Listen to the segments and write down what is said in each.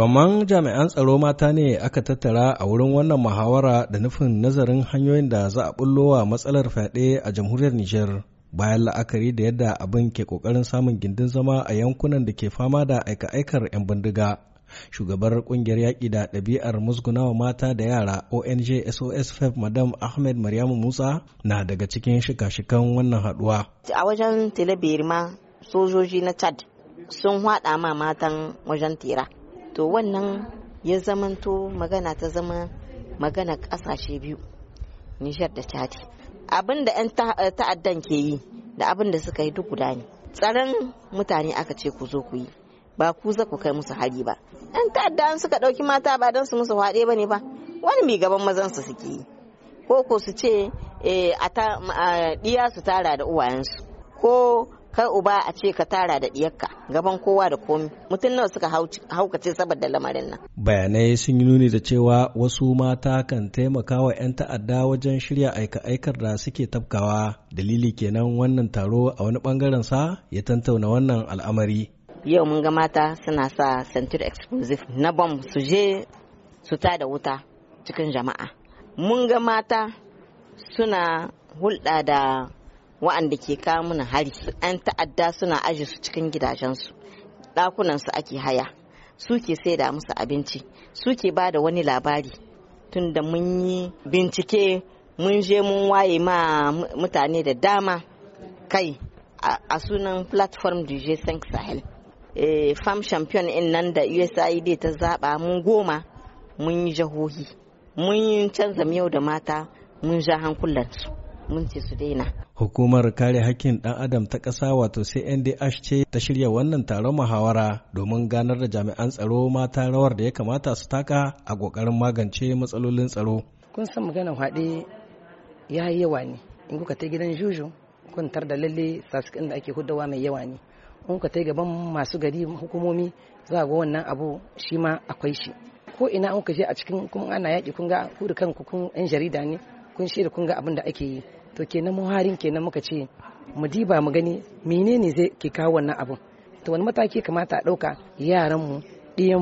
Gwamman jami'an tsaro mata ne aka tattara a wurin wannan muhawara da nufin nazarin hanyoyin da za a bullowa matsalar fyaɗe a jamhuriyar Nijar bayan la'akari da yadda abin ke ƙoƙarin samun gindin zama a yankunan da ke fama da aika-aikar 'yan bindiga. Shugabar ƙungiyar yaƙi da ɗabi'ar musgunawa mata da yara ONG SOS FEB Madam Ahmed Maryamu Musa na daga cikin shika-shikan wannan haɗuwa. A wajen Tilabirma sojoji na Chad sun haɗa ma matan wajen tera. to wannan ya zamanto magana ta zama magana kasashe biyu nishar da chadi Abinda da 'yan eh, ta'addan ke yi da abin da suka yi duk guda ne tsaron mutane aka ce ku zo ku yi ba ku za ku kai musu hari ba 'yan ta'adda suka ɗauki mata ba don su musu haɗe ba ne ba wani mai gaban mazansu suke yi ko ko su ce eh, a ɗiya su tara da uwayensu ko kar uba a ce ka tara da diyarka gaban kowa da komi mutum nawa suka haukace saboda lamarin nan bayanai sun yi nuni da cewa wasu mata kan taimaka wa 'yan ta'adda wajen shirya aika-aikar da suke tabkawa dalili kenan wannan taro a wani bangaren sa ya tantauna wannan al'amari yau mun ga mata suna sa central explosive na bom su je su ta da wuta cikin jama'a mun ga mata suna hulɗa da wa'anda ke kawo mana hari yan ta'adda suna aje su cikin gidajensu ɗakunansu ake haya suke ke sai da musu abinci suke ba da wani labari tunda da mun yi bincike mun je mun waye ma mutane da dama kai a sunan platform DJ 5 Sahel. E, eh, farm champion in nan da USAID ta zaba mun goma mun yi jahohi mun yi canza yau da mata mun ja hankulansu mun su daina. Hukumar kare hakkin ɗan Adam ta ƙasa wato CNDH ce ta shirya wannan taron muhawara domin ganar da jami'an tsaro mata rawar da ya kamata su taka a ƙoƙarin magance matsalolin tsaro. Kun san maganar haɗe ya yi yawa ne in kuka ta gidan juju kun tar da lalle sasikin da ake hudawa mai yawa ne in kuka ta gaban masu gari hukumomi za ga wannan abu shi ma akwai shi ko ina an je a cikin kuma ana yaƙi kun ga kuri kanku kun yan jarida ne kun shirya kun ga abin da ake yi to kenan mu harin kenan muka ce mu diba mu gani menene zai ke kawo wannan abun to wani mataki kamata a ɗauka yaranmu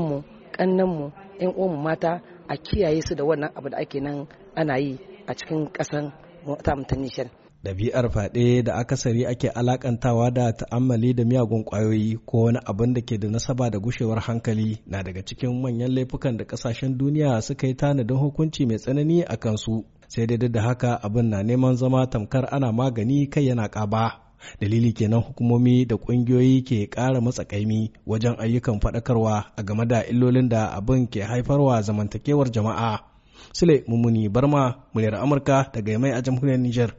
mu ƙannanmu yan mu mata a kiyaye su da wannan abu da ake nan ana yi a cikin ƙasan ta Nishar. ɗabi'ar faɗe da akasari ake alakantawa da ta'ammali da miyagun ƙwayoyi ko wani abin da ke da nasaba da gushewar hankali na daga cikin manyan laifukan da ƙasashen duniya suka yi tanadin hukunci mai tsanani a kansu sai dai duk da haka abin na neman zama tamkar ana magani kai yana ƙaba dalili kenan hukumomi da ƙungiyoyi ke ƙara matsakaimi wajen ayyukan faɗakarwa a game da illolin da abin ke haifarwa zamantakewar jama'a sule mummuni barma muryar amurka daga mai a jamhuriyar Nijar.